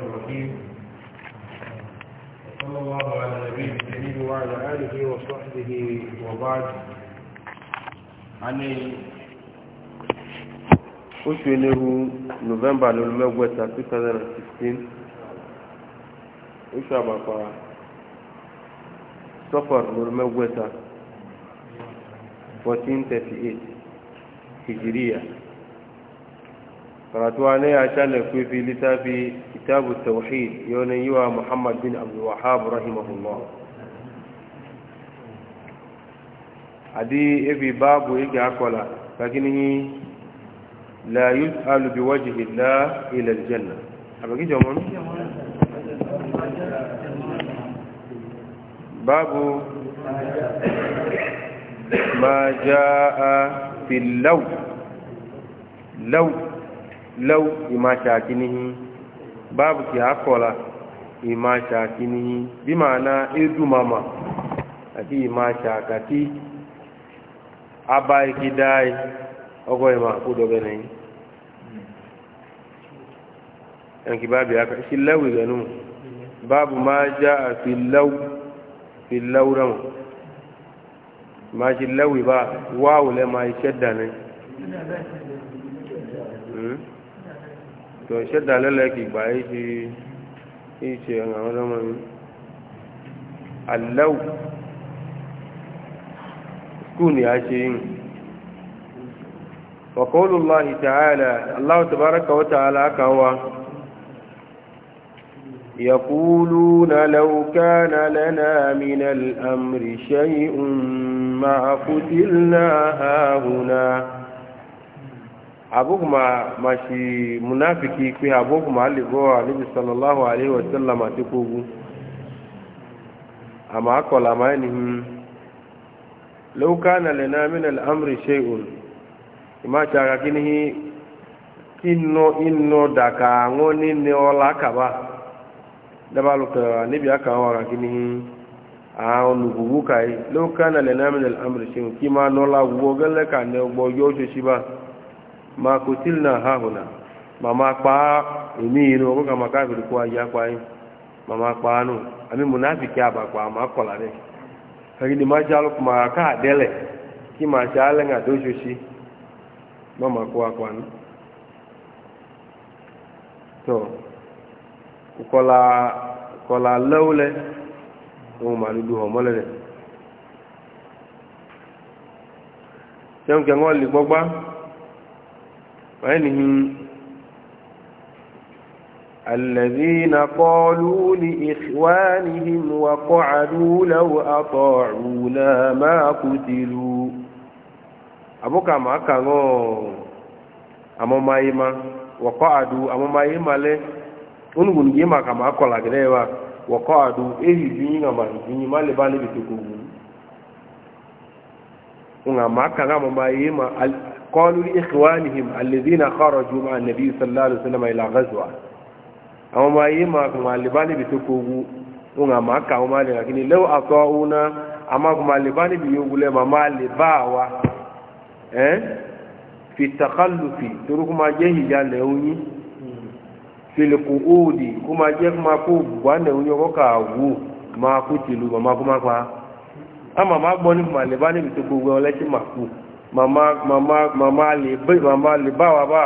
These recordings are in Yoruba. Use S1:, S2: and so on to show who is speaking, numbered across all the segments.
S1: الرحيم صلى الله على النبي الكريم وعلى آله وصحبه وبعد ani oṣù enero november lórí mẹ́gbẹ̀ta 2016 oṣù àbàpà sọ́fàr lórí mẹ́gbẹ̀ta 1438 hijiriya قراتوا عليه عشان في في لساب كتاب التوحيد يونيوا محمد بن عبد الوهاب رحمه الله هذه ابي باب ويجي اقولها لكنه لا يسأل بوجه الله الى الجنه ابغي جمعون باب ما جاء في اللو لو law ima shakinihi babu ki akola ima shakinihi bi ma'ana edu mama ati ima shakati abai kidai ogo ima kudo benin yanki babu ya kashi lawi ganu babu ma ja fi law fi law ramu ma shi lawi tọ́ iṣẹ́ dalẹ́lẹ̀ kì gbà yìí ṣe ìṣe àwọn ọlọ́mọ mi alẹ́wù skul ni a ṣe yìí وقول الله تعالى الله تبارك وتعالى كوا يقولون لو كان لنا من الأمر شيء ما قتلنا هاهنا abokuma mashi munafiki pe abokuma alibo alibi sallallahu alaihi wasallam ati kogu amma akola manihim law kana lana min al-amri shay'un ima chaga kinihi kinno inno daka ngoni ne ola kaba dabalu ka nibi aka wara kinihi a onugugu kai law kana lana min al-amri shay'un kima nola wogale ka ne gbo yojo shiba ma ha hahuna mama kpaa èmi yìí ni wọn kó ka ma káfíìrì kó ayé akpa yín mama pa nù àmì munafiki àbà kpaa ma kọ̀la dẹ kàgídì ma jalo ma ká àdẹ́lẹ̀ kí ma ṣe alẹ́ ńà tó ṣoṣi má ma kó akpa nù tó kọ̀la kọ̀la lẹ́wọ́ lẹ ma lu du hàn mọ́lẹ̀ dẹ sẹ́wọ́n lè gbọ́gbá. وعنهم الذين قالوا لإخوانهم وقعدوا لو أطاعونا ما قتلوا أبوك ما كانوا أمو مايما وقعدوا أمو مايما له onugun yi ma kama akɔla gɛrɛ wa wɔkɔ adu eyi dunyi ŋa ma dunyi ma le ba ne bi to ko wu ŋa ma kaŋa ma ma ye ma قالوا لإخوانهم الذين خرجوا مع النبي صلى الله عليه وسلم إلى غزوة أو ما يماكم اللبان بتكوبوا ونغا ماكا وما لكن لو أطاعونا أماكم اللبان بيقول ما ما لباوا في التخلف تركما جه جالهوني في القعود كما جهما كوب وانهوني وكاو ما كتلوا ما كما أما ما بني ما لبان بتكوبوا ولا شيء ما كوب mama mama mama le bai mama le bawa ba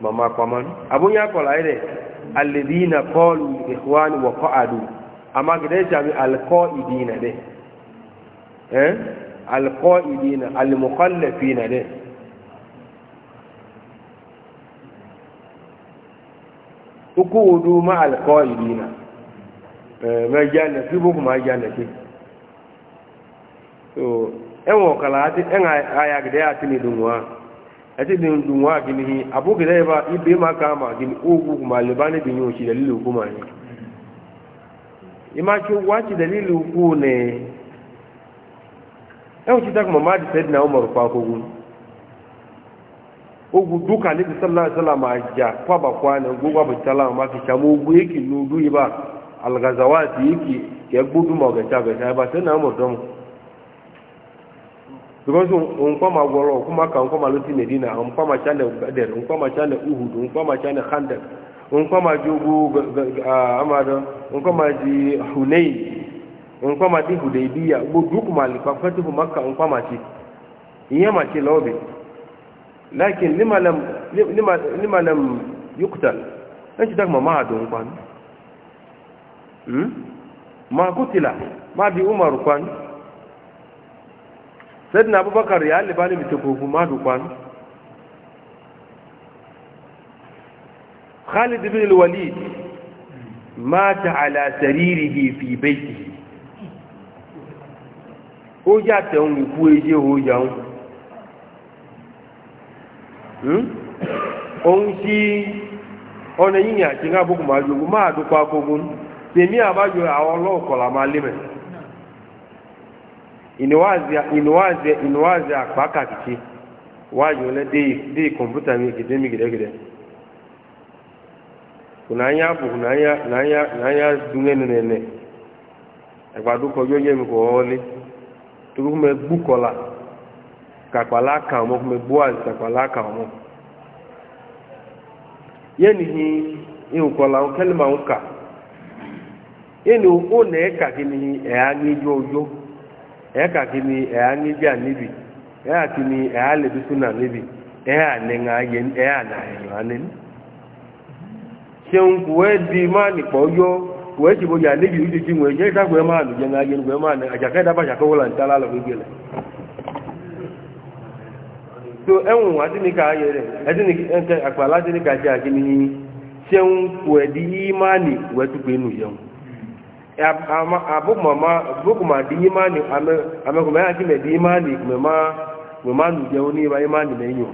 S1: mama kwaman abun ya kola ire alladhina qalu ikhwani wa qa'adu amma gidan jami alqaidina de eh alqaidina almukhallafina de ukudu ma alqaidina eh ma jana fi buku ma jana ki so ẹwọn ọ̀kàlà àti ẹ̀nà ayagidẹ́ àti nìdùnwà àti nìdùnwà gini abúgidẹ́ ibá ibé maka ama gini ogun kuma leba níbi yíò ṣe dalilu kuma ni ima ṣe wá ṣe dalilu kú ne ẹwọn ṣe takuma na umaru kwakogun ogun duka níbi sallallahu na wasallam ajá kwaba kwana gbogbo ma fi ṣamu ogun yake nudu because nkwama gwọrọ kuma ka nkwama lọsi medina nkwama chane bedel nkwama chane uhud nkwama chane khandak nkwama ji ugwu amado nkwama ji hunayi nkwama ti hudaybiya gbogbo kuma lipa fati kuma ka nkwama ci iye ma ci lobe lakin lima lam yuktal ɗan ci dagma ma a don kwan kutila ma bi umaru kwan sayyidina abubakar ya libani mitokogun madu kwanu khalid bin walid mata ala saririhi fi baiti ó yà tẹ̀hún ikú eje ó yà ń ohun tí ọ̀nà yìnyín àti ní abúkù máa jogun máa dúpọ̀ agogun tèmi àbájọ àwọn ọlọ́ọ̀kọ̀lá máa lé mẹ́rin inuwaze akpaka kiki wayo ne dei kọmputa mi gide mi gide gide kunanya bu kunanya nanya nanya dunge nene agbado kọjọ yẹ mi kọ ọlẹ torí kò mẹ gbú kọla kàkpàlà kà ọmọ kò mẹ gbó àzì kàkpàlà kà ọmọ yẹni hi ihu kọla kẹlẹ ma ń kà o nẹ kàkí ni ẹ á ní ijó ojó. ɛyɛ kaki ni ɛyɛ anidza nibi ɛyɛ kaki ni ɛyɛ alɛbi suna nibi ɛyɛ na yɛ ɛyɛ anayɛlɔ anɛni seun kuwe di maa nikpɔ yɔ kuwe ti bo yɛ anibi yi titi ŋu ɛyɛ sakuɛ maa nu yɛ ŋa yɛ maa nɛ adzakɛ daba adzakɛ wɔlɔ nta la lɔ gbegbe lɛ so ɛŋu adini ka yɛ ka di abụkụma dị imani amekụma ya ji mede imani kumema nuje n'iba imani menyo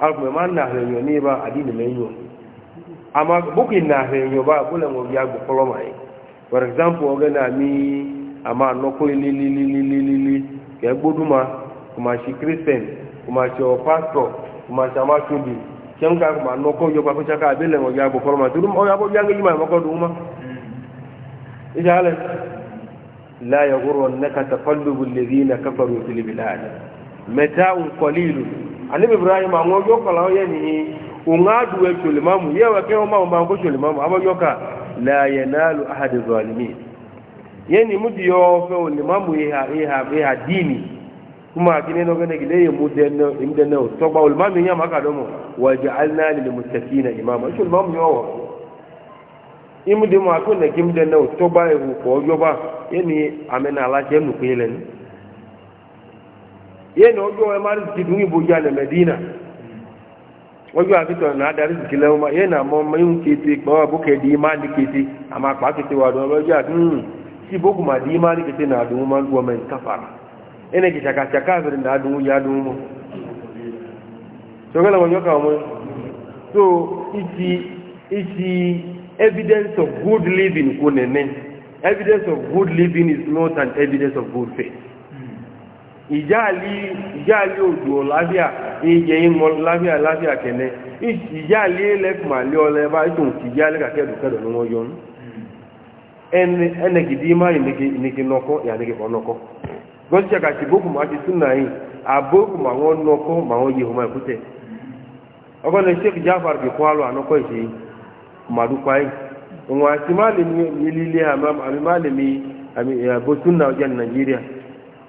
S1: akumema nahre enyo n'iba adini menyo ama buki nahre enyo ba kule ngwe ya gbukolo mai for example oge na mi ama nọkọ ililililili ka egboduma kuma shi christian kuma kuma kuchaka ya ma ma اجعل لا يغرنك تقلب الذين كفروا في البلاد متاع قليل عن ابراهيم ان يوكلا يعني ungadu wetu limamu yewe keo mama mangosho limamu ama yoka la yanalu ahadi zalimin yeni mudi yo fe limamu iha iha iha dini kuma kine no gane gile mudeno imdeno togba limamu nyama kadomo waja'alna lil muttaqina imama shu limamu yowo imude mu ako na gimde na otoba ewu ko yoba yeni amena alaje nu pelen yeni ojo e mari ti dungi buja na medina ojo akito na adari ti le ma yeni amo mayun kiti ko abuke di imani kiti ama pa kiti wa do ojo at hmm si bogu ma di imani kiti na dun man wo men kafara ene ki chaka chaka vir na dun ya dun mo so gele mo nyoka mo so iti iti evidence of good living kunene evidence of good living is not an evidence of good faith ìjáàlí ìjáàlí òjò lábíà ìjẹ ìmọ̀ lábíà lábíà kẹ̀lẹ́ ìjáàlí ẹlẹ́kùnmàlẹ́ ọlẹ́bá ìtò ìjáàlí kàkẹ́dùkẹ́dù ní wọ́n yọnu ẹnẹ̀gìdí má ìnìkì nọkọ́ ìyànìkì ọ̀nọkọ́ gọ́síṣẹ́ kàṣì bókùnmá ti súnà yìí àbókùnmá wọn nọkọ́ màwọn yìí madukwai wa ci malami yilile amam ami malami ami botun na wajen nigeria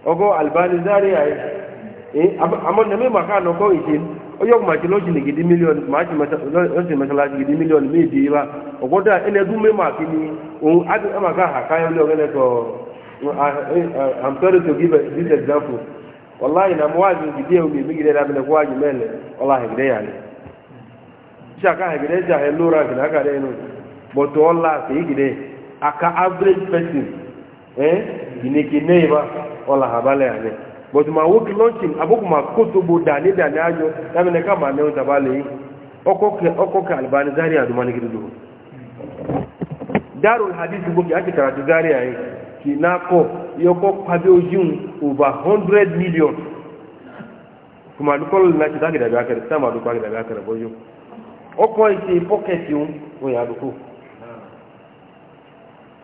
S1: ogo albani zari ai eh amon ne me maka no ko itin oyo ma ti loji gidi million ma ti mata loji mata loji gidi million me bi ba ogo da ene du me ma kini o adu amaka ha kayo lo gele ko eh, i'm sorry to give this example wallahi na mwazi gidi o mi gidi da me ko aji mele wallahi gidi yani chaka hagide jahe lura gida haka dai nun but wala sai gide aka average person eh gine gine ba wala habale ne but ma work launching abuku ma kutubu dani dani ajo dami ne kama ne unta bale oko ke oko ka albani zaria dumani gidu darul hadith buki ake karatu zaria yi kinako yoko pabe ojun over 100 million kuma dukkan na ci zaki da biya kare sama dukkan da biya kare bojo ọkọ̀ ìṣe pọ́kẹ̀tì òun àdúkù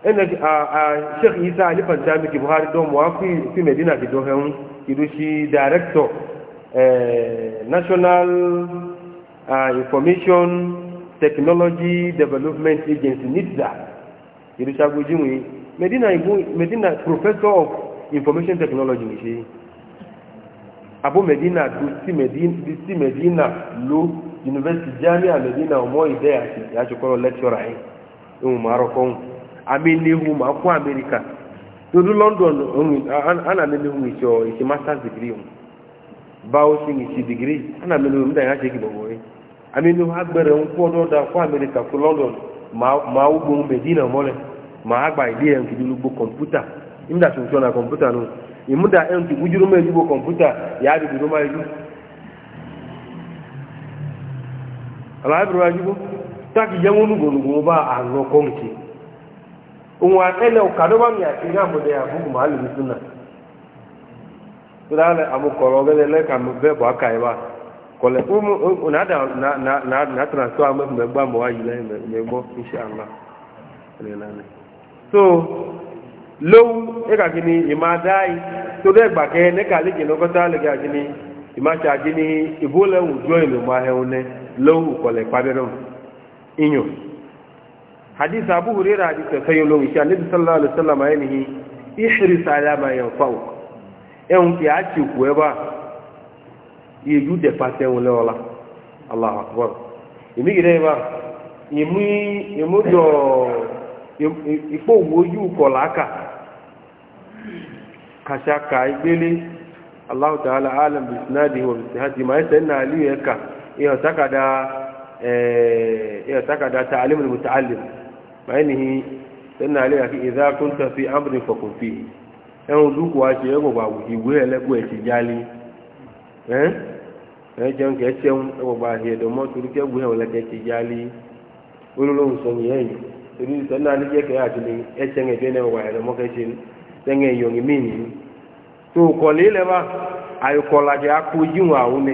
S1: ẹnna sheikh isa alifantami ki buhari dọ́mù wá fi medina ti dọ́ ẹ̀hún ìlú sí director national information technology development agency nitsa ìlú sagoji wọn medina medina professor of information technology ní ṣe abó medina tó sí medina ló yunifásitì jamiu amedina ọmọ ìdẹ àti ìyáṣekọrọ lẹ́kṣọ́rà yìí ìhùn máa rọ́kọ́ hùn àmì níhùn ma kún amẹ́ríkà lójú london anàmì níhùn ìṣọ ìṣe masters degree hùn báwo ṣe ń ṣe degree anàmì níhùn nígbà yẹn àṣekì bọ̀bọ̀ yìí àmì níhùn agbẹ̀rẹ̀ ń da london ma medina aláàbìrò ajúgbó táàkì jẹun olúgbòlùgbò bá kọ́ǹkì òun àtẹ́lẹ̀ ọ̀kadọ́bàmì àti ìyàmọ̀dẹ̀ àbúkù máa lè ní súnà tọ́lá àmukọ̀rọ̀ ọ̀gẹ́lẹ̀ lẹ́kàmù bẹ́ẹ̀bọ̀ áka ìwà kọ̀lẹ̀ ònàdà so ìlú máa lọ́wọ́ kọlẹ̀ pàdánù iyùn hadith abu hurera hadith sayo lọ́wọ́ iṣẹ́ alẹ́bí sallallahu alaihi wasallam ayé nìyí ìṣirí sáyà máa yàn fáwọ̀ ẹ̀hún kì á ti kú ẹ bá ìlú dẹ̀pá sẹ́wọ̀n lọ́wọ́lá allah akbar èmi yìí dẹ́ allah ta'ala alam wa ma iyo takada iyo takada ta'alimul muta'allim fa inhi inna alayka idha kunta fi amrin fa kun fihi ehun duku wa se ego ba iwe elego e ti jali eh eh jẹun kẹ ṣeun ego ba he do mo turu ke gbe ole ke ti jali olólóhùn sọ nìyẹn yìí torí sẹ́nà alíjẹ́ kẹ́ àti ní ẹ̀ṣẹ̀ ń ẹ̀fẹ́ náà wà ẹ̀rọ mọ́kẹ́ṣe sẹ́yìn ẹ̀yọ̀ngì míì nìyí tó kọ̀lé lẹ́wà àyùkọ̀làjẹ́ akójúwọ̀n àwọn ni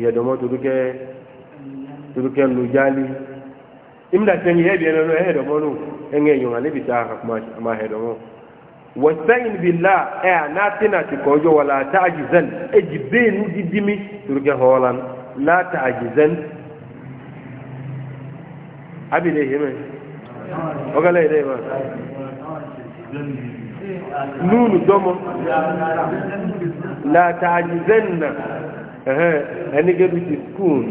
S1: ìyẹ̀dọ̀mọ́ torúkẹ́ lu jálí imdatẹ́ni ẹ̀bí ẹ̀rọ ẹ̀ẹ́dọ̀mọ́ nù ẹ̀ngẹ́ èèyàn àlébi tá a máa ẹ̀ẹ́dọ̀mọ́ wọ́sẹ́yìn bí lá ẹ̀ ànáàtì náà ti kọjọ́ wọ́n láta àjìzẹ́n ẹ̀jì bẹ́ẹ̀nu dídí mi torúkẹ́ họ́ọ́lá láta àjìzẹ́n abìlẹ̀ yìí mẹ́ ọgọ́lẹ̀ yìí dẹ́ ẹni gẹ́gẹ́ ti skul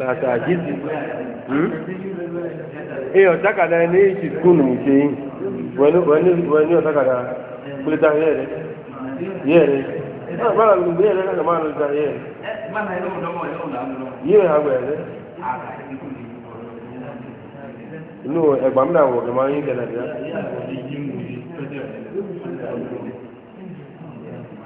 S2: láti àjíjì ee ọ̀tákàdá ẹni ti skul mú ṣe yìí
S1: wọ́n ní ọ̀tákàdá kúlítà yẹ́rẹ́ yẹ́rẹ́ ah, bára lùgbé yẹ́rẹ́ kàkà máa lùgbà
S2: yẹ́rẹ́ agba àgbẹ̀ inú wọ̀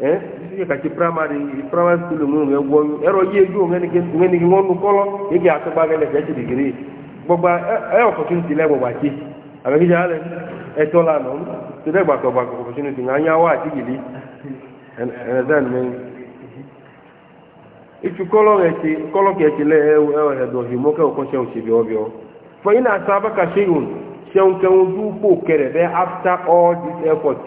S1: eh sisi kati primary primary school mu nge gwo ero ye ju nge ni nge ni ngon kolo ye ba gele gbogbo e opportunity le gbogbo ati abe ki jale e la ba opportunity nga nya wa gili and and then me ichu kolo ti kolo le e o he do hi mo ke o ko se o bi obio fa kere be after all this effort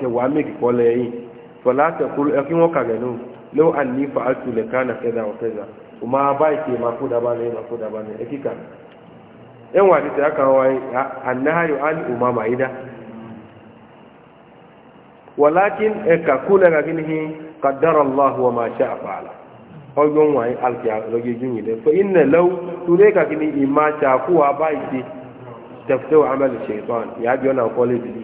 S1: فلا تقول أكيم وكغنو لو أني فعلت لكان كذا وكذا وما بايك ما فود أباني ما فود أباني أكيكا إن وعدت أكاوي أنها يعاني أمام عيدا ولكن أكاكول أكينه قدر الله وما شاء فعل ọgbọ́n wáyé alkiyalogejú yìí lẹ́fọ́ iná lọ́wọ́ túnlé kàkiri ìmáṣà kúwà báyìí tẹ̀fẹ́ wà ámẹ́lì ṣètọ́n ìyájọ́ náà kọ́lé bìí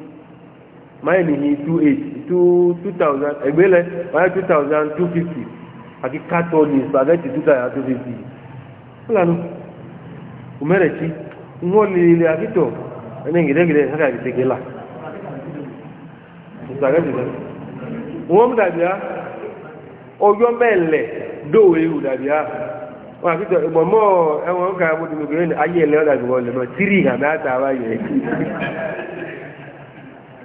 S1: máyì nìyí two eight two two thousand ẹgbẹ́lẹ̀ máyì two thousand two fifty àti carton ní spaghetti two thousand two fifty fúlànà òmẹ́rẹ̀kí wọ́n lè lè àkítọ̀ ẹni gẹ̀dẹ́gẹ̀dẹ́ sára ìṣẹ́gẹ́ là spaghetti náà wọ́n mú dàbíá ọjọ́ mẹ́lẹ̀ dóòwé ìhù dàbíá wọ́n àkítọ̀ ìgbọ̀mọ́ ẹwọ̀n ká mọ́tò mẹ́gbẹ̀rẹ́ ayé ẹ̀lẹ́ ọ̀dàbí wọ́n lè mọ́ tírì ìhàmẹ́ àtàwáyé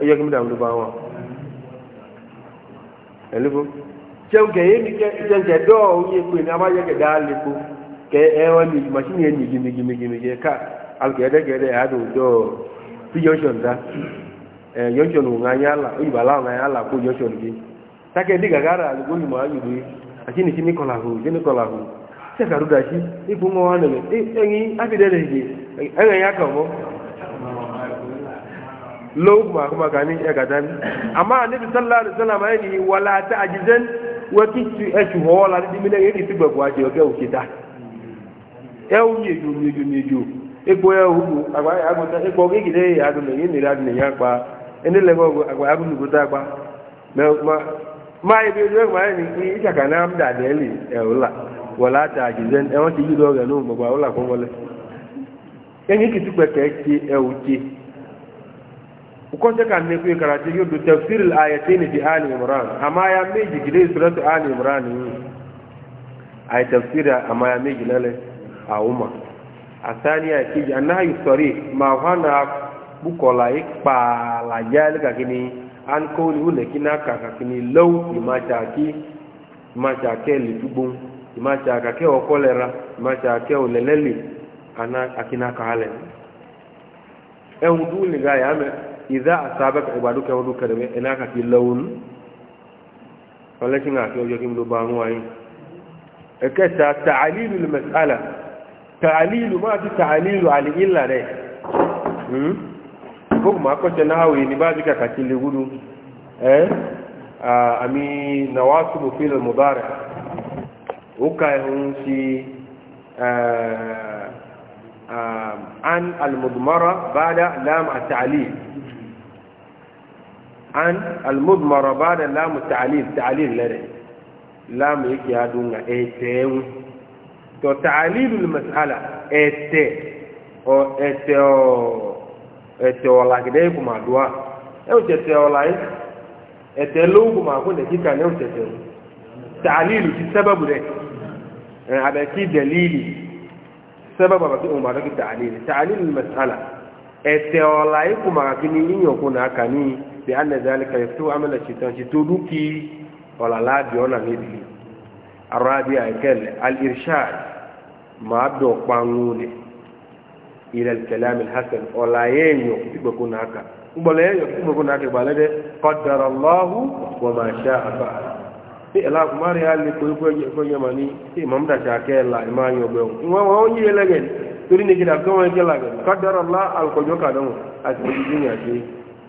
S1: ẹyẹ kí mi dàgbà bá wọn ẹlẹgbọ jẹnkẹ yé mi jẹnkẹ dọọ yé pé ní abá yẹkẹ dá lẹkọ kẹ ẹ wọn ní machine yẹn ní gimigimigimigi ká alùpùpù yẹn adùn dọọ bí junction dá ẹ junction wò ŋa yà là oyinbo àlà ŋa yà là kó junction bi sákẹ́ ndí gàgà rà àlùkò yìí mọ̀ ayò bi àti ní sinmi kọlà hù sinmi kọlà hù sẹ́kàdúdà sí ipò ńwọ́n wà nílẹ̀ ẹ̀yìn ábìdẹ́rẹ̀ yìí ẹ̀yìn yà kàn mọ́. lowuk ma kuma gani ya ga dami amma annabi sallallahu alaihi wasallam yayi wala ta'jizan wa kitu etu hola ni mi ne yi ti e o ni ya hu agba agbo ya do ni ni ya ene le go agba ya me ma ma ma ni ki ita kana am da de li e ola wala ta'jizan e won ti ga no ola ko wole kitu pe ke ukonta kan ne kuyi karatu yau da tafsirul ayatain fi ali imran amma ya mai jigile suratu ali imran ay tafsira amma ya mai gilale a umma asaniya ki annaha yusari ma wana bukola ikpa la jali ka kini an kawli hune kina ka ka kini law imachaki imachake litubun imachaka ke okolera imachake oleleli ana akina kahale. halen ehun duli ga ya me idza asabaka ibaduka wa duka da mai ina ka fi laun walakin a kyau yakin do banu wayin akata ta'lilu al-mas'ala ta'lilu ma fi ta'lilu al-illa dai hmm ko ma ko ta nahawi ni ba dika ka kille gudu eh ami nawasibu fil mudari uka hun shi عن المضمرة بعد لام التعليل an almudmara ba da lamu ta'alil ta'alil lare lamu yake ya dunga etewu to ta'alilul mas'ala ete o ete o ete o la gide kuma duwa e o tete o la yi ete lo kuma ko ne kika ne o tete o ta'alilu ti sababu de e, ada ki dalili sababu ba ki umma da ki ta'alil ta'alilul mas'ala ete o kuma kini yin kuna kani bi anna zalika yaftu amala shaitan shi to duki wala la bi ona ni bi arabi akel al irshad ma do pangune ila al kalam al hasan wala yenyo tibo kuna haka mbole yenyo tibo kuna haka balade qaddara allah wa ma sha'a fa'ala ti ala kumari ali ko ko ko yamani ti mamda ta kela imanyo be wa wa onyi elegen turi ni kida ko wa kela qaddara allah al ko joka don asbi dunya ti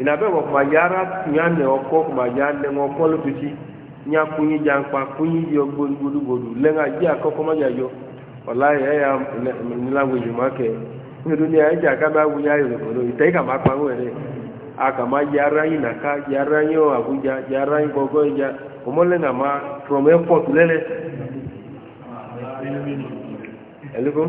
S1: ina bɛ wɔ kuma yaara nya nɛ ɔkɔ kuma yaa lɛ ŋɔ kɔlu tuti nya kunyi jankpa kunyi yɔ gbogbogbodu lɛŋa yi akɔ kɔma nya yɔ ɔla yɛ ya nila wuli ma kɛ ne do ne ɛdza kama wuli ayi lɛ kɔlɔ ita yi kama kpa ŋu yɛrɛ a kama yaara yi naka yaara yi abuja yaara yi gbɔgbɔ yi dza ɔmɔ lɛ ŋa ma trɔmɛ pɔt lɛ lɛ ɛliko.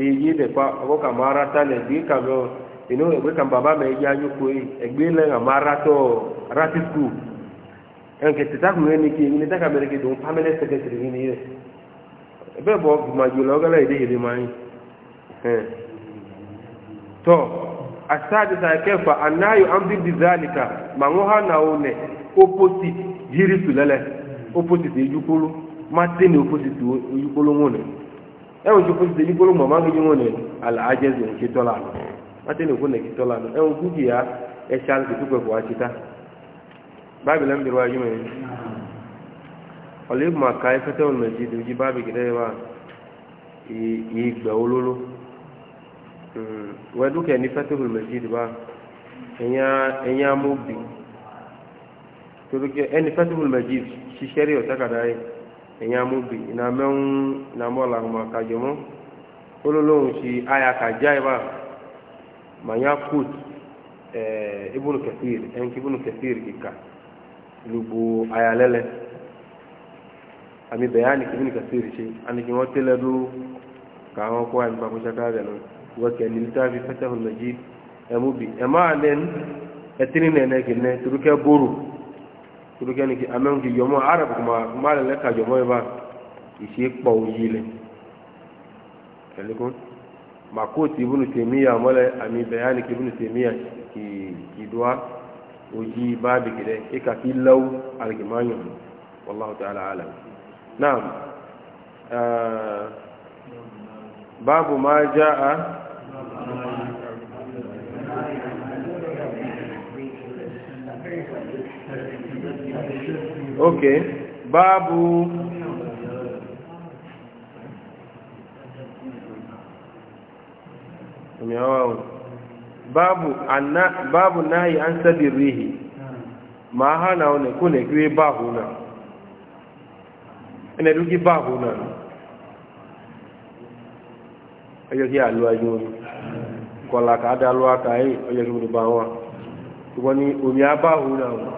S1: èyí nìpa ọkọ kà máa ta lẹ gbé mọ inú ẹgbẹ kà bàbá mẹ yá yókò ẹgbẹ lẹ ra tọ ra ti skul ẹnkẹ tẹta kùn ẹni kì í ní dáka mẹrẹ kì dùn pamẹlẹ sẹkẹtìrì yìí ni yẹ ẹbẹ bọ ọgọlẹ yìí tọ kẹfà màwọn wọn nẹ opposite opposite ẹ̀wọ̀n tó kóso yìí kóló mọ̀mọ́ ŋun yíwọ́n ni alàájẹ́sì ń kitọ́ la nù wọ́n ní kó nà kitọ́ la nù ẹ̀wọ̀n kúkì yá ẹ̀ṣẹ́ alẹ́ tó kọ̀ wá tita báàbí lẹ́nu bẹ̀rẹ̀ wáyé mẹ́rin ọ̀lẹ́ mà ká ẹfẹ́tẹ́ wọn mẹ́tì tó yí báàbí kìtẹ́ yẹ wá yìí gbà olóló hmm, wọ́n dúkẹ́ ní fẹ́tẹ́ wọn mẹ́tì tó bá ẹ̀yà mú bì torí ẹni fẹ́tẹ́ wọn mẹ́tì ṣiṣẹ́ rí ọ̀tá kàdá yìí enyamu bi ina mɛŋu na mɔ laguma ka jɔmɔ olólóhùn si aya ka dza yi ba manya kut ɛɛ ibunu kɛfir ɛnki ibunu kɛfir kika lugu aya lɛlɛ ami bɛyani ibunu kɛfir si aniki wɔn tɛlɛ do k'awɔn kɔ ayi kpakpɛ saka bɛ no wɔkɛ nilita fi fɛtɛ hɔn mɛ tulu kɛ ni ki amɛn ki yɔmɔ arabu kuma kuma lɛ ka yɔmɔ yi ba isi kpɔw yi lɛ ɛliko ma ko ti ibunu temiya mɔlɛ ami bɛyani ki ibunu temiya ki ki doa oji baabi ki dɛ e ka ki law alikima nyɔnu wallahu ta'ala ala naam ɛɛ ah, baabu ma jaa. okay babu umewawa babu anna babu nahi an sabirihi ma hana one kune kiwe babu na ene duki babu na oyo ki aluwa yo kola ka da aluwa ka yi oyo ki mu ba wa tubo ni omi abahu na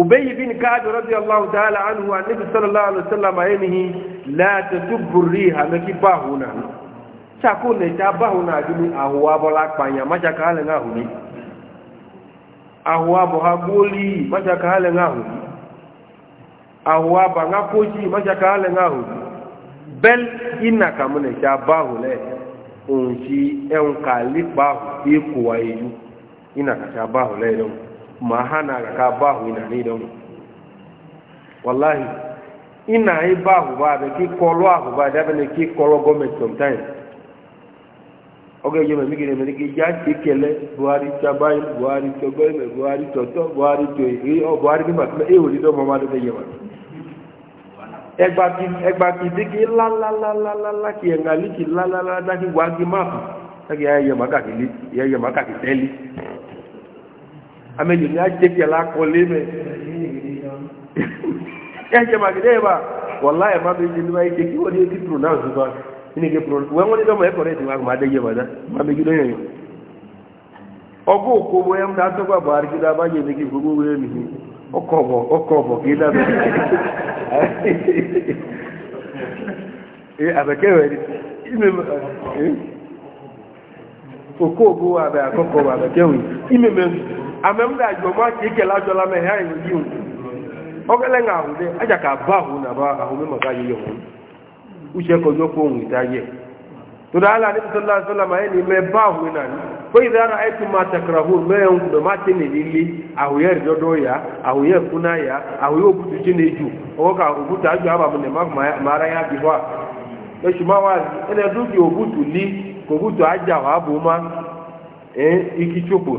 S1: ubayi bin kaadu radiyallahu ta'ala anhu annabi sallallahu alaihi wasallam ayenihi la tatubbu riha maki bahuna chako ne ta bahuna adini ahuwa bola panya maja kale nga huni ahuwa boha goli maja kale nga huni ahuwa banga koji maja kale nga huni bel ina kamune ta bahule onji enkali bahu ikuwa yu ina ka ta bahule e e e yo ma ha na-aga ba ahụ ị na niile ụmụ wallahi ị na-eba abe ka ịkọlụ ahụba dabe na ka ịkọlụ gọọmenti sometime oge yeme mi gire ya ki ya ti kele buhari chabai buhari chogoy buhari toto buhari joy o buhari ni mat e wori do mama do amẹ́jọ ní ajẹ́kẹ̀lá kọlé mẹ́ ẹ̀jẹ̀ màgídẹ́ bá wọ́lá ẹ̀ má méjì ti pronounce bá ní ké pronounce wọ́n wọ́n ma dọ́mọ̀ ẹ̀kọ́ rẹ̀ ti wá kó má dẹ́ yẹ bàdá má méjì mi ni amemda ajoma ti kela jola me ha yin yiun ogele nga hu aja ka ba hu na ba hu me maka yi yun u se ko joko un itaye to da ala ni sallallahu alaihi wasallam ayi ni me ba hu na ni ko idha ra'aytum ma takrahun me un be ma ti ni lili ahu ye ya ahu ye ya ahu yo kutu ti ni ju o ka hu ta ju aba ne ma ma ra ya wa ene du ki obutu li ko butu aja wa bu ma eh ikichopo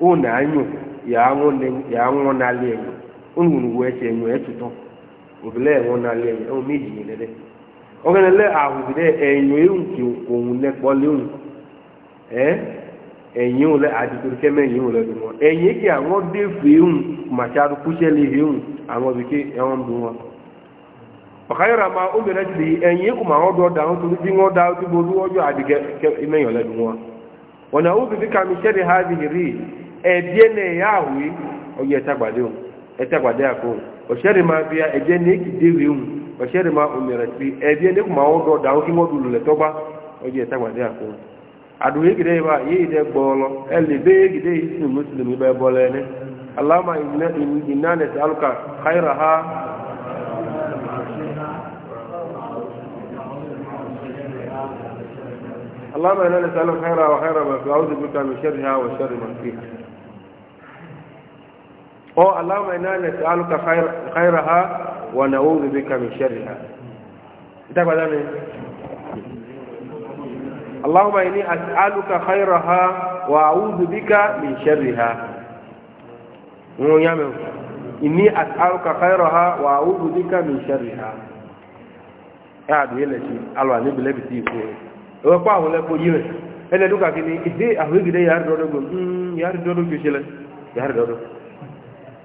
S1: ụna anyụ ya anwụ enyo nhụrụ wee che enyo etuto obele enwụ enyo enwe iji na-ele enyo ewu nke ee enyi ole adịgoro enyi dị enyi anwụ ewu kwuchela ihe ewu nwa ma o mere jiri enyi ịkwụ ma ọ dụọ daa ntụrụ ji nwa daa ozugbo ọjọọ adịghị ime enyi dị nwa ọ na ha adịghị ẹ̀díẹ́ ní ẹ̀yà àwé ọjọ́ ẹ̀tàgbàdé òun ẹ̀tàgbàdé àkó ọ̀ṣẹ́rì máa fi ẹ̀díẹ́ ní èkìdéwé òun ọ̀ṣẹ́rì ọ òmìnira sí ẹ̀díẹ́ ní kùmà ọ̀dọ̀ dàwọn kí wọ́n dùlù lẹ́tọ́gbá ọjọ́ ẹ̀tàgbàdé àkó àdùn èkìdé yìí bá yéé dẹ gbọ́ọ̀lọ́ ẹ ekide alama ha اللهم انا نسالك خيرها وخير ما في اعوذ بك من شرها وشر فيها أو اللهم إنا نسألك خير خيرها ونعوذ بك من شرها تبقى اللهم إني أسألك خيرها وأعوذ بك من شرها ويامن إني أسألك خيرها وأعوذ بك من شرها قاعد يلا شيء الله نبي لك تيفو هو قاعد لك يلا هل دوكا كني إيه أهوي كده يار دورو يار دورو كيشلا يار دورو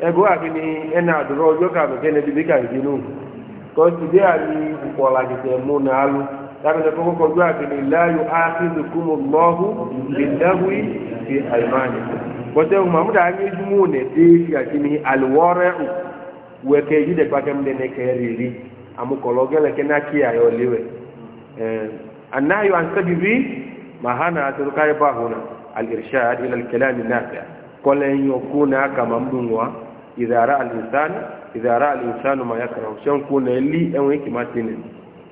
S1: ẹgbẹ́ àti ni ẹnà àdúrà ọjọ́ kàmìkẹ́ ẹnẹ́bí bí kàǹkì nù kọ́ tìdé àmì ìpọ̀lá kìtẹ̀ mú nà á lù lábẹ́lẹ̀ kọ́kọ́ kọjú àti ni láàyò ákìlù kúmù lọ́hù ìdáwí ti àìmáàní bọ́tẹ́ ọmọ àmúdà ayé júmọ́ ọ̀nà dé fi àti ni àlùwọ́rẹ́ ò wẹ̀kẹ́ yìí dẹ̀ pàkẹ́ mẹ́lẹ̀ kẹ́ rèérí àmukọ̀lọ́ gẹ́lẹ́kẹ́ náà kí àyọ̀ léwẹ̀ anáyọ àǹtẹ́bìbí mahana àtẹrùkáyọ̀ bá إذا رأى الإنسان إذا رأى الإنسان ما يكره شان كون لي أو هيك ما تنين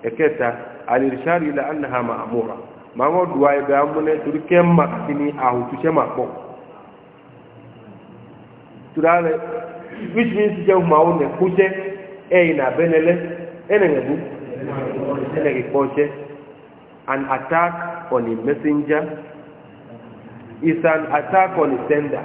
S1: إكتا الإرشاد إلى أنها مأمورة ما هو دواء بأمنا تركم ما تني أو تشمع بو ترى which means jẹ́ ọmọ àwọn ẹ̀kúṣẹ́ ẹ̀yìn àbẹ́lẹ́lẹ́ ẹ̀nẹ̀gẹ̀bú ẹ̀nẹ̀gẹ̀kọ́ṣẹ́ an attack on a messenger is an attack on a sender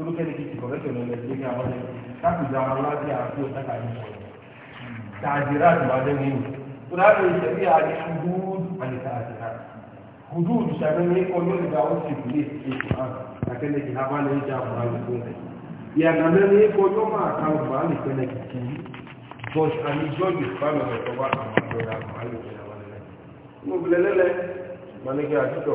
S1: olùkẹ́ni kìí kọ̀ lẹ́sẹ̀ lọ́lẹ̀ ṣe ní àwọn ẹ̀sìn káàkiri àwọn aláàbí àti òtàkà yìí sọ̀rọ̀ tààdìrà àtìwádẹ́ ní ìlú tó láti ìṣẹ̀lẹ̀ àti ṣùgbọ́n àti tààdìrà gùdú ìṣàbẹ̀ ní kọ́ yóò gba ó sì kúlé ètò àti àtẹ́lẹ̀ kì á bá lè jẹ́ àwọn àlùkò rẹ̀ ìyàgbẹ́ ní kọ́ yóò máa ka ọgbà á lè tẹ́lẹ̀ kìkì bọ́ṣ àmì jọ́ọ̀jì fáwọn ọ̀rẹ́ tó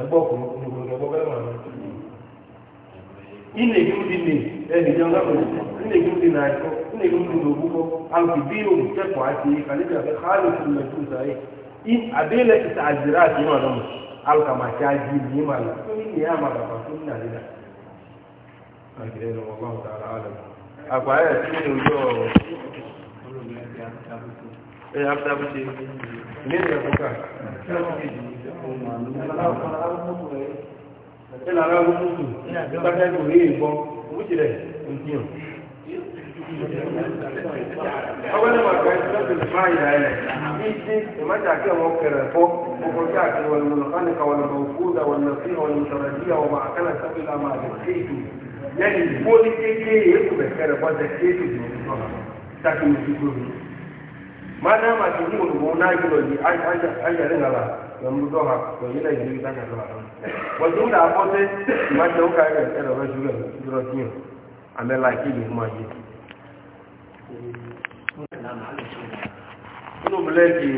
S1: ẹgbọ́ na gbogbo ẹgbọ́ bẹ́ẹ̀ wà náà ilé ìlú di lè ẹnì jẹun náà lọ ilé ìlú di
S2: a ẹ̀là ara ọdún mọ́tò nígbà tí ẹ̀kọ́ rí
S1: ìbọn owó ti rẹ̀ ń bí hàn. ọwọ́ ní màkà ẹ̀ sọ́kè ní báyìí rà ẹ̀ bí ṣe ìmájà kí ọmọ kẹrẹ fọ́ ọkọ̀ tí a kẹrẹ wọn lọ fánìkà wọn lọ fúdà wọn lọ sí wọn sọ̀rọ̀ bí àwọn ọmọ akẹ́lẹ̀ sọ́kè lá máa lè ké ètò yẹn ìbó ní kékeré èkó bẹ̀ kẹrẹ fọ́ ní olùkọ́ na mbuto ha ko yila yiri ta ka do ha ko jin da ko ma to ka do ba shuga dro tin ame la ki ni ma ji
S2: no bleki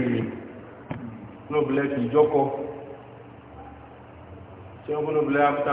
S1: no bleki joko se o no bleki afta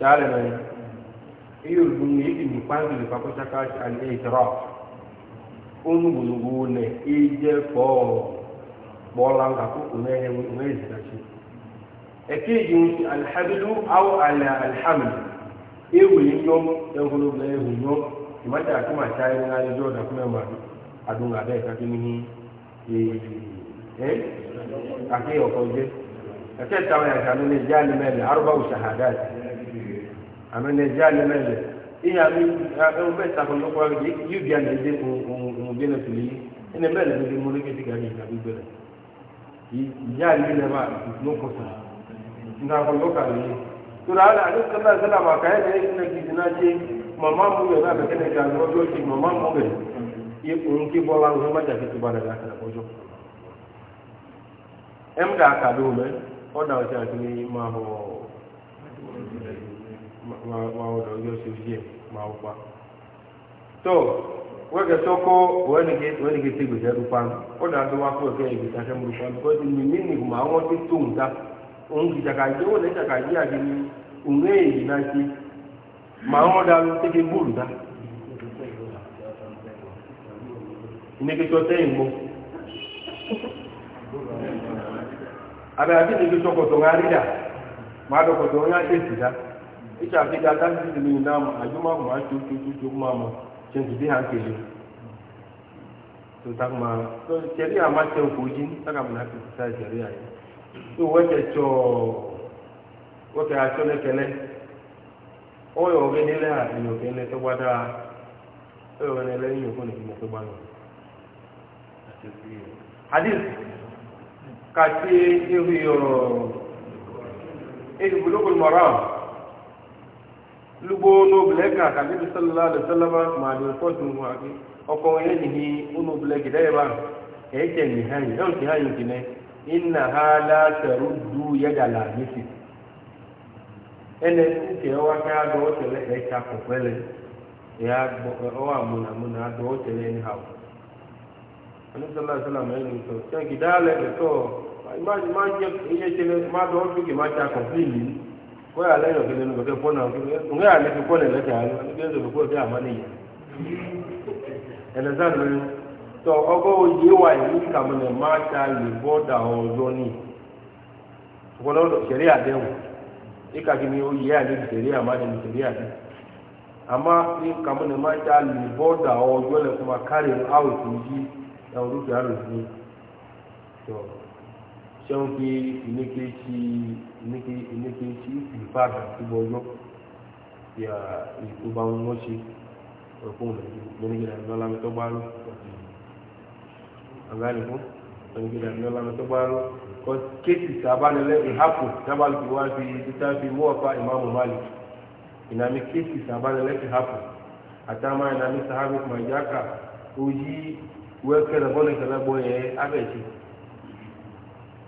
S1: تعالى من iyo dunni idi mi kpangi le fako saka ani idrop onu gbogbo ne idze kpɔ kpɔla nga koko ne he ne ezidasi ekeji ŋuti alihamdu awo ala alihamdu ewuli nyɔm eholo bla ewu nyɔm imadi ati ma ca ye na adzɔ daku na ma adu nga bɛ kati mihi ee ɛ ake ɔkɔdze ɛkɛ tawa àmì nàìjíríà ní mẹ́lẹ̀ ìyá mi ẹ̀rọ bẹ́ẹ̀ sàkóso lọ́kọ́ rẹ̀ yóò bí àná ẹ̀dẹ́ ohun bí ẹ̀nà fìlẹ̀ yìí ẹ̀nà mẹ́lẹ̀ ló dé múlẹ̀ kéde gàdí ìgbàgbé gbẹ̀rẹ̀ ìyá mi má nà yìí tura kìsì náà ṣe màmá náà bẹ̀kẹ́ ṣe màmá bẹ̀ yẹ òun kí má máa wọ́n lọ́jọ́ sí ojú ẹ̀ máa pa tó wẹ́gẹ̀ tó kó wẹ́nìkẹ́ tí gbèsè ẹ̀rù pa ó dà tó wá fún ọ̀kẹ́ ìgbèsè ẹ̀rù pa bíkọ́ ti mi mí nìkú máa wọ́n ti tó nǹkan òun kì í ṣàkàyé ó lè ṣàkàyé àti ní òun èyí náà ṣe máa wọ́n dá lọ sí kí bóòlù dá
S2: ìnẹ́kẹ́tọ́ tẹ́yìn mọ́
S1: abẹ́ àti ìnẹ́kẹ́tọ́ kọ̀tọ̀ ńlá rí dà máa dọ̀kọ̀tọ̀ ńlá tẹ̀sí dá ita ake da ta ti ni na ma aju ma ma ju ju ju ju ma ma chen ti bi ha ke le to ta ma to cheri ama che ko jin ta ka na ti ta cheri ai to wo che cho wo ke a cho le kele o yo ge ni le ha ni o ke le to wa da o yo ne le ni ko ni mo to ba no hadith ka ti ewu yo ewu bulugul maram lugbo n'obulɛ ka kabi bi sallallahu alaihi wasallam maa bi fɔ dunu yi ina ha la seru du ya ene ya e e gbɔ e muna muna ha o ɔni sallallahu alaihi wasallam ɛni sɔ sɛ ma kó yà lẹ́yìn òkèlè ní òkè fọ́nà òkè yà lẹ́fi kọ́ lẹ̀ lẹ́kẹ̀ àánú níbi ẹ̀sọ̀ fún òkè àmọ́ nìyí. ẹ̀lẹ́ sáà lóyún tó ọkọ̀ òye wà yìí kàmínà máa ta lè bọ́dà ọjọ́ ní ọ̀pọ̀lọpọ̀ sẹ̀rí àdéhùn ìkàkí ni oyè àdéhùn sẹ̀rí àmàdéhùn sẹ̀rí àdéhùn àmọ́ ní kàmínà máa ta lè bọ́dà ọjọ́ lẹ́kùnmá kárẹ̀ áwùsì yìí ẹ̀wọ̀n sẹ́wọ́n pé ìníkèéṣí ìníkèéṣí ìbàdàn tí mo yọ yà ètò bá wọn ṣe ọ̀pọ̀ mẹ́nìkìlá ìnáwó tó bá rú àgbáyé fún mẹ́nìkìlá ìnáwó tó bá rú kọ́ kéèsì sàbánilẹ́ ìhàpò tábàlù tí wọ́n fi títà fi wọ́ ọ̀pá ìmáàmù Malik ìnáwó kéèsì sàbánilẹ́ ìhàpò àtàmà ìnáwó sàhábì kùmà ìjáka òyì wẹ́kẹ́lẹ́ bọ́lẹ̀kẹ́lẹ́ bọ́ yẹn abẹ́ẹ̀ṣe.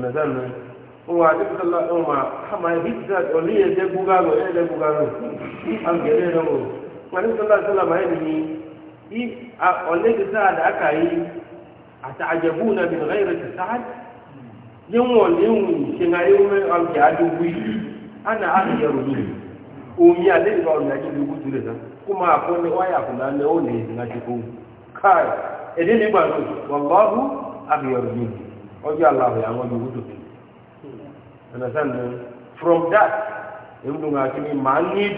S1: unadhani wa adibla umma kama hizza olie de bugalo ele bugalo angelelo mwalimu sallallahu alaihi wasallam yeye ni olege ana ahyaru min umi ale kuma ne ọjọ́ aláwọ̀ àwọn yòówù dòdò understand from that èmi dùn kà kí ni ní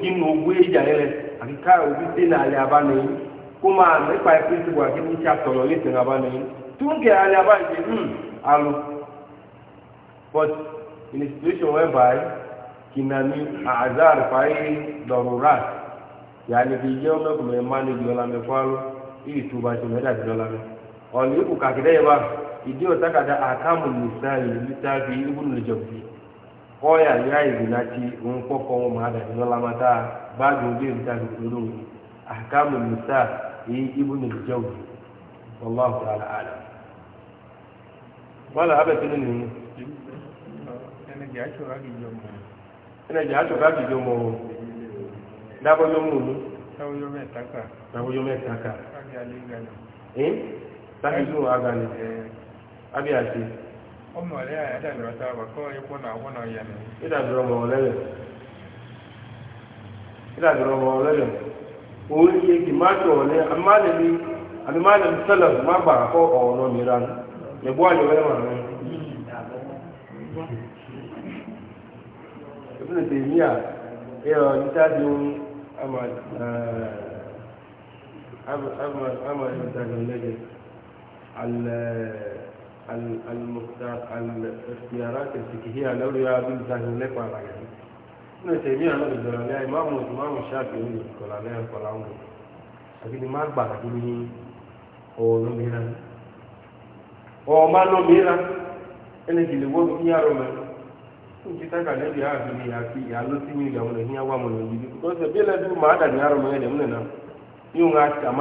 S1: kí ni owó ìjà yẹn àti ká òbí dé nà alẹ́ abánayin kó máa nípa ẹgbẹ́ tó wà kí ni kí a sọ̀rọ̀ lé tẹ̀lé abánayin tó ń kẹ alẹ́ hmm alu but in a situation whereby kinani azar fayi dọ̀rọ̀ra yàrá kì í jẹ́ ọmọkùnrin máa ní ìdílọ́lámẹ́ fún alo ṣe mẹ́ta ọ̀nà ìkù báyìí. idiyo da akamun misali littafi ibn al-jawzi koya ya yi zinati un kokon ma da nola mata ba gobe littafi kudu akamun misali ibn al-jawzi wallahu ta'ala alam wala abe tinin ni
S2: ene ji acho ragi jomo
S1: ene ji acho ragi taka taka eh aga ni eh àbí àti. ọmọ rẹ àdàbìrọ ta wà kọ epo náà wọn náà yẹ mi. ìdàbìrọ mọ ọ lẹlẹ ìdàbìrọ mọ ọ lẹlẹ òun yẹ kì má tọ̀ ọ̀lẹ́ amálẹ̀mí àbí málẹ̀mí sẹ́lẹ̀ má gbà kọ́ ọ̀nà mìíràn yẹ̀bọ́ àyọ̀ ẹ̀ wà mí. ìbílẹ̀ tèmi à ẹ̀rọ níta di ohun àmà àmà àmà ìdàgbàsókè. الاختيارات الفقهية لو يا بن زاهر لك ولا يعني ابن تيمية أنا بدل عليه إمام إمام الشافعي يقول عليه قال عنه لكن ما أكبر مني أو نميرا أو ما نميرا أنا كل يوم يا رمى nti ta kalẹ bi a bi a fi a lo si mi gawo na hiya wa mo na yi ko se bi la du ma da ni aro mo كمان mo na ni o nga ta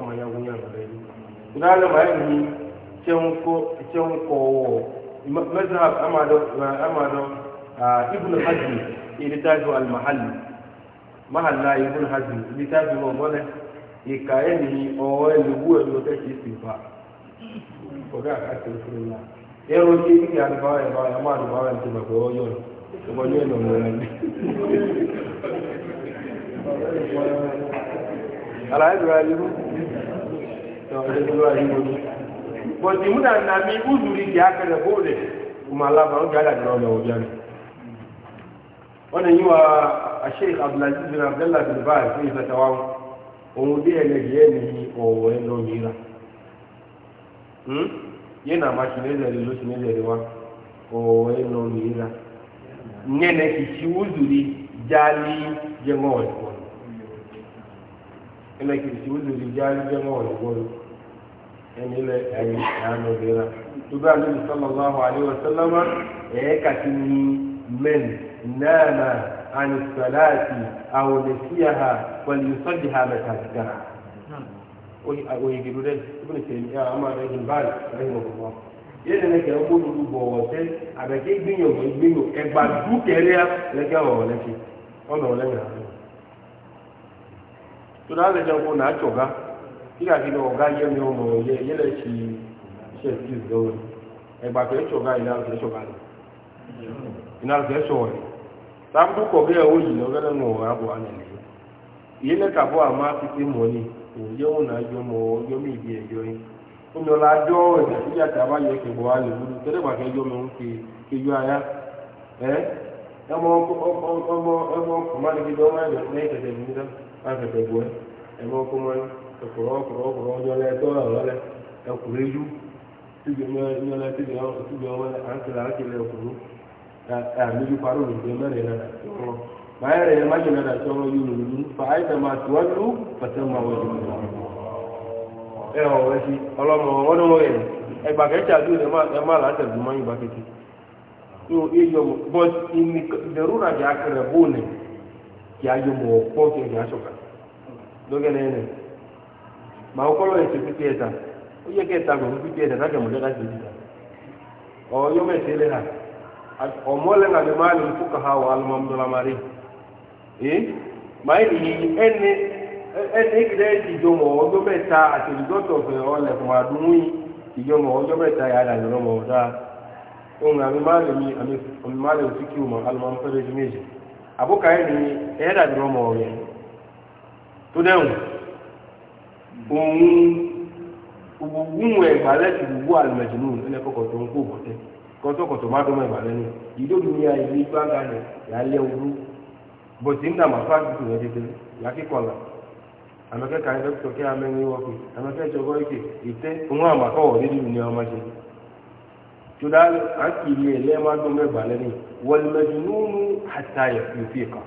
S1: ma ji ki kuna da yi cin ko cin mazhab amado Amadu, ibn hazm ilitaju al mahall mahalla ibn hazm ilitaju wa wala ikaye ni owo elugu elu te ki sifa ka ati furula ero ti ki an ba e ba ya ma do ba en ti ba ko yo ko ni no mo ni ala bọ̀dì múnà nàmi úzùrí di akẹ́lẹ̀ bóòlẹ̀ kùmàlábà ó gbádà nínú ọmọ òbí àná wọ́n ni yíwa sheikh abdulaziz bin abdullah bin báyìí fún ìfẹ́tàwá òun dé ẹlẹ́yìí ẹ̀ ní ọ̀wọ́ ẹ̀ lọ yìí rà yẹn nà má sinẹ́lẹ̀ rẹ̀ ló sinẹ́lẹ̀ jẹ́mọ́ ọ̀lẹ́wọ́ ẹnẹ́kìsì ẹni lẹ ẹyin ẹhanu bira tuba anabi sallallahu alayhi wa sallam ẹyẹ kati ni mẹn nana ani salati awo ne siya ha wali sọdi ha mẹ kati gara o yi gidu dẹ ibùdó sèmi ẹ ama rẹ hin baali rẹ hin ọkọ wa yéèdè lẹkẹ ọgbó dudu bọwọ sẹ abẹkẹ gbìyànjú ga. kila vile ugaje miomo chi ga ina ga ina to echo wa tambu ko ge o yi no gele mo wa bo ni ka bo ama ti ti mo ni o na jo mo jo mi bi o mi la jo e ti ya ta ba ye ke bo bu tere ba ke jo mi ki ki jo aya ọmọ ọmọ ọmọ ọmọ kùmánìkì dọ́mọ́ ẹ̀dọ̀ ní ìtẹ̀tẹ̀ ìmúdá láti ẹ̀tẹ̀ bọ́ ẹ̀ ẹ̀kùrọ̀ ọ̀kùrọ̀ ọ̀kùrọ̀ ọ̀nyọ́lẹ̀ dọ́là màá kọ́lọ̀ ẹ̀sẹ̀ pípé ẹ̀ta ó yẹ kẹta gbọ̀n fún pípé ẹ̀ta láti ọmọdé láti ìdíjà ọ̀yọ́ mẹ́tẹ́ lẹ́hà ọmọ lẹ́nà ni máa lè fún kàhá wà alùmọ́mọ́dọ́lámárì ẹ̀ máa ń yí ẹni ẹni ìgbẹ́ ìdìjọmọ̀ ọjọ́ mẹ́ta àti ìdìjọ́tọ̀fẹ̀ ọlẹ̀kùnmọ̀ àdúmú ìdìjọmọ̀ ọjọ́ mẹ́ta yàrá ìrọmọ̀ ọ̀dá ohun àmì máa lè mi àmì máa lè fi kí o mọ̀ alùmọ́mọ́dọ́lámárì àbúkà ẹni ẹ̀yẹ́dà ìrọmọ̀ ọ̀rẹ́ tó dẹ́hùn òun
S2: gbogbo
S1: ẹgbàlẹ ti gbogbo alimẹjinu ẹnlẹ kọkọtọ ń kó bọtẹ kọtọkọtọ má dọmọ ẹgbàlẹ ni ìdóbi ni àyè ìgbà ga lẹ yà á lẹ wúlú bọtí nínú àmàfà àti tòun ẹdẹdẹ yà á kí kí ìjọba ìkè òun ọmọ ṣe má kan.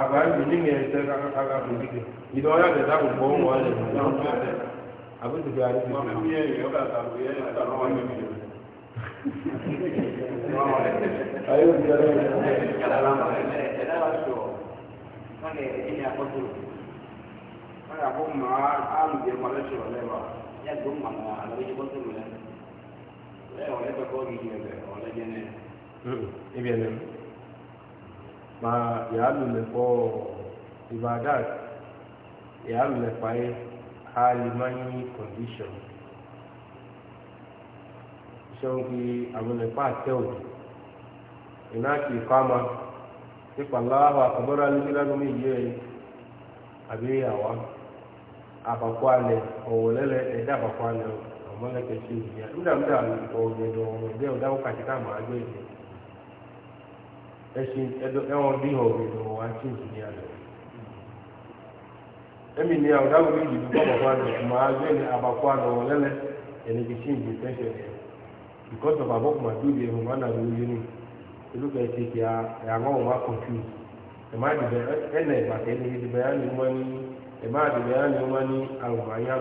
S1: àbáyé ní mi ẹsẹ kakakò dìde ìdọ ọyọ àtẹtà kò gbọ wọn wọlé
S2: àbúrò bí arúgbó. wọn fi yẹ ìyọ kàtà ló yẹ ìyọ kàtà
S1: wọn ibi ẹ̀ ma yaalu le fɔ ibadat yaalu le fa ye alimani condition sɛwọn fi àwọn le fa tẹw ìná ti fama ìpàláwà àkàbọ̀rọ̀ alẹ́gbẹ̀lẹ́nu mi yẹ àbí àwa àpapọ̀ alẹ̀ ọ̀wọ̀ lẹ́lẹ̀ ẹ̀dá àpapọ̀ alẹ̀ ọ̀mọ́lẹ́kẹ̀ẹ́ sí ìyá nígbà nígbà ọ̀gbẹ̀dọ̀ ọ̀gbẹ̀dẹ̀ ọ̀dáwọ̀ kàtíkà máa gbé ìdè. ẹ̀sìn ẹ̀wọ̀n bí ọ̀rọ̀ ìlú wa tí ìsìn ní àlọ́ ẹ̀mí ni àwọn bí ìdìbò bá bàbá rẹ̀ máa gbé ní àbàkọ́ àlọ́ lẹ́lẹ̀ ẹni bí because of àbọ̀kù màdúrì ẹ̀hùn máa nà lórí yẹn ìlú kẹ́ẹ̀ ti kí àwọn ọmọ akọ̀tún ẹ̀ má dìbẹ̀ ẹ̀nà ìgbàkẹ́ ní ìdìbẹ̀ ni wọ́n ní ẹ̀ má dìbẹ̀ ni wọ́n ní àwọn àyà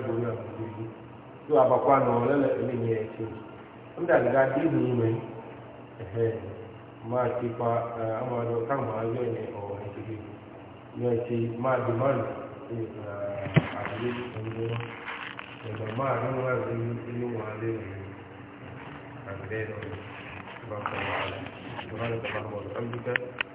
S1: yìí tó máa ti pa àwọn ọ̀dọ́ káwọn ayọ́ ní ọ̀rọ̀ ìṣẹ̀lẹ̀ yọ ti máa di máa ní àdúgbò ìṣẹ̀lẹ̀
S2: ẹ̀dọ̀ máa ní wọ́n rí inú wọn lé àgbẹ̀ lọ bá kọ̀ wà lọ́wọ́ ìṣẹ̀lẹ̀